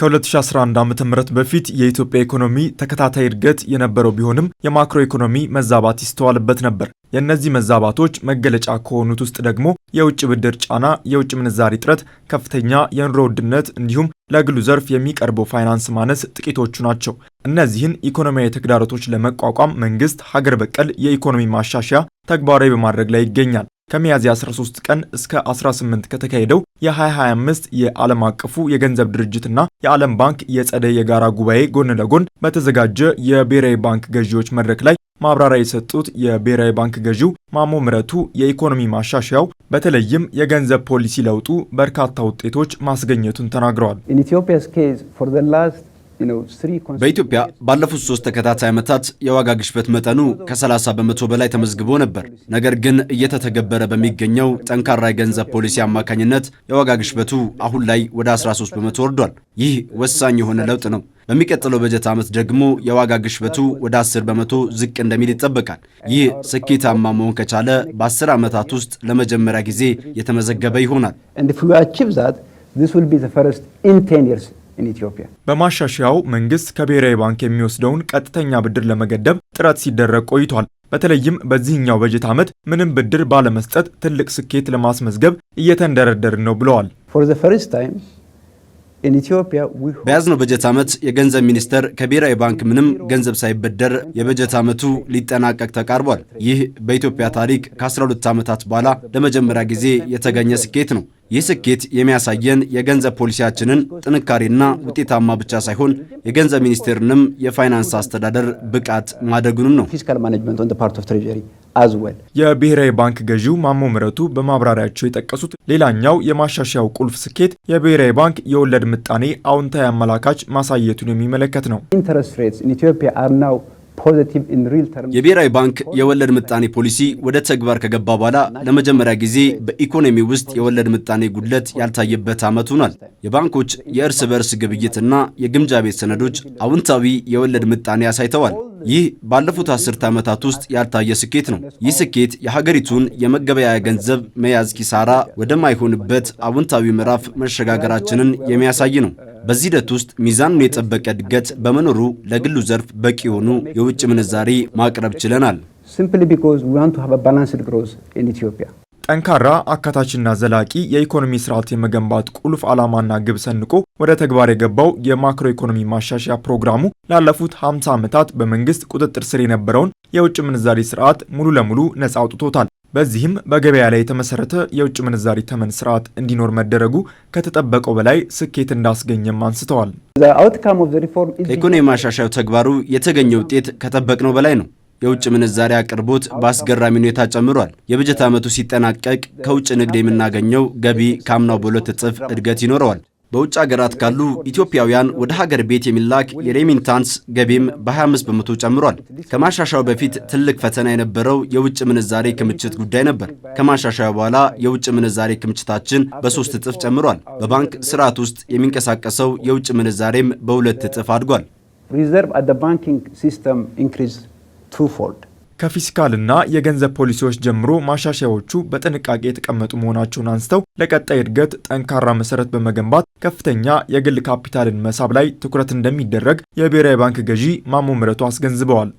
ከ2011 ዓ ም በፊት የኢትዮጵያ ኢኮኖሚ ተከታታይ እድገት የነበረው ቢሆንም የማክሮ ኢኮኖሚ መዛባት ይስተዋልበት ነበር። የእነዚህ መዛባቶች መገለጫ ከሆኑት ውስጥ ደግሞ የውጭ ብድር ጫና፣ የውጭ ምንዛሪ እጥረት፣ ከፍተኛ የኑሮ ውድነት እንዲሁም ለግሉ ዘርፍ የሚቀርበው ፋይናንስ ማነስ ጥቂቶቹ ናቸው። እነዚህን ኢኮኖሚያዊ ተግዳሮቶች ለመቋቋም መንግስት ሀገር በቀል የኢኮኖሚ ማሻሻያ ተግባራዊ በማድረግ ላይ ይገኛል። ከሚያዝያ 13 ቀን እስከ 18 ከተካሄደው የ2025 የዓለም አቀፉ የገንዘብ ድርጅትና የዓለም ባንክ የጸደይ የጋራ ጉባኤ ጎን ለጎን በተዘጋጀ የብሔራዊ ባንክ ገዢዎች መድረክ ላይ ማብራሪያ የሰጡት የብሔራዊ ባንክ ገዢው ማሞ ምረቱ የኢኮኖሚ ማሻሻያው በተለይም የገንዘብ ፖሊሲ ለውጡ በርካታ ውጤቶች ማስገኘቱን ተናግረዋል። በኢትዮጵያ ባለፉት ሶስት ተከታታይ ዓመታት የዋጋ ግሽበት መጠኑ ከ30 በመቶ በላይ ተመዝግቦ ነበር። ነገር ግን እየተተገበረ በሚገኘው ጠንካራ የገንዘብ ፖሊሲ አማካኝነት የዋጋ ግሽበቱ አሁን ላይ ወደ 13 በመቶ ወርዷል። ይህ ወሳኝ የሆነ ለውጥ ነው። በሚቀጥለው በጀት ዓመት ደግሞ የዋጋ ግሽበቱ ወደ 10 በመቶ ዝቅ እንደሚል ይጠበቃል። ይህ ስኬታማ መሆን ከቻለ በ10 ዓመታት ውስጥ ለመጀመሪያ ጊዜ የተመዘገበ ይሆናል። በማሻሻያው መንግስት ከብሔራዊ ባንክ የሚወስደውን ቀጥተኛ ብድር ለመገደብ ጥረት ሲደረግ ቆይቷል። በተለይም በዚህኛው በጀት ዓመት ምንም ብድር ባለመስጠት ትልቅ ስኬት ለማስመዝገብ እየተንደረደርን ነው ብለዋል። በያዝነው በጀት ዓመት የገንዘብ ሚኒስቴር ከብሔራዊ ባንክ ምንም ገንዘብ ሳይበደር የበጀት ዓመቱ ሊጠናቀቅ ተቃርቧል። ይህ በኢትዮጵያ ታሪክ ከ12 ዓመታት በኋላ ለመጀመሪያ ጊዜ የተገኘ ስኬት ነው። ይህ ስኬት የሚያሳየን የገንዘብ ፖሊሲያችንን ጥንካሬና ውጤታማ ብቻ ሳይሆን የገንዘብ ሚኒስቴርንም የፋይናንስ አስተዳደር ብቃት ማደጉንም ነው። የብሔራዊ ባንክ ገዢው ማሞ ምረቱ በማብራሪያቸው የጠቀሱት ሌላኛው የማሻሻያው ቁልፍ ስኬት የብሔራዊ ባንክ የወለድ ምጣኔ አዎንታዊ አመላካች ማሳየቱን የሚመለከት ነው። የብሔራዊ ባንክ የወለድ ምጣኔ ፖሊሲ ወደ ተግባር ከገባ በኋላ ለመጀመሪያ ጊዜ በኢኮኖሚ ውስጥ የወለድ ምጣኔ ጉድለት ያልታየበት ዓመት ሆኗል። የባንኮች የእርስ በእርስ ግብይትና የግምጃ ቤት ሰነዶች አውንታዊ የወለድ ምጣኔ አሳይተዋል። ይህ ባለፉት አስርት ዓመታት ውስጥ ያልታየ ስኬት ነው። ይህ ስኬት የሀገሪቱን የመገበያያ ገንዘብ መያዝ ኪሳራ ወደማይሆንበት አቡንታዊ ምዕራፍ መሸጋገራችንን የሚያሳይ ነው። በዚህ ሂደት ውስጥ ሚዛኑን የጠበቀ እድገት በመኖሩ ለግሉ ዘርፍ በቂ የሆኑ የውጭ ምንዛሪ ማቅረብ ችለናል። ጠንካራ አካታችና ዘላቂ የኢኮኖሚ ስርዓት የመገንባት ቁልፍ ዓላማና ግብ ሰንቆ ወደ ተግባር የገባው የማክሮ ኢኮኖሚ ማሻሻያ ፕሮግራሙ ላለፉት 50 ዓመታት በመንግስት ቁጥጥር ስር የነበረውን የውጭ ምንዛሪ ስርዓት ሙሉ ለሙሉ ነፃ አውጥቶታል። በዚህም በገበያ ላይ የተመሰረተ የውጭ ምንዛሪ ተመን ስርዓት እንዲኖር መደረጉ ከተጠበቀው በላይ ስኬት እንዳስገኘም አንስተዋል። ከኢኮኖሚ ማሻሻያው ተግባሩ የተገኘ ውጤት ከጠበቅነው በላይ ነው። የውጭ ምንዛሪ አቅርቦት በአስገራሚ ሁኔታ ጨምሯል። የበጀት ዓመቱ ሲጠናቀቅ ከውጭ ንግድ የምናገኘው ገቢ ከአምናው በሁለት እጥፍ እድገት ይኖረዋል። በውጭ አገራት ካሉ ኢትዮጵያውያን ወደ ሀገር ቤት የሚላክ የሬሚንታንስ ገቢም በ25 በመቶ ጨምሯል። ከማሻሻያው በፊት ትልቅ ፈተና የነበረው የውጭ ምንዛሬ ክምችት ጉዳይ ነበር። ከማሻሻያው በኋላ የውጭ ምንዛሬ ክምችታችን በሶስት እጥፍ ጨምሯል። በባንክ ስርዓት ውስጥ የሚንቀሳቀሰው የውጭ ምንዛሬም በሁለት እጥፍ አድጓል። ቱፎልድ ከፊስካልና የገንዘብ ፖሊሲዎች ጀምሮ ማሻሻያዎቹ በጥንቃቄ የተቀመጡ መሆናቸውን አንስተው ለቀጣይ እድገት ጠንካራ መሰረት በመገንባት ከፍተኛ የግል ካፒታልን መሳብ ላይ ትኩረት እንደሚደረግ የብሔራዊ ባንክ ገዢ ማሞ ምህረቱ አስገንዝበዋል።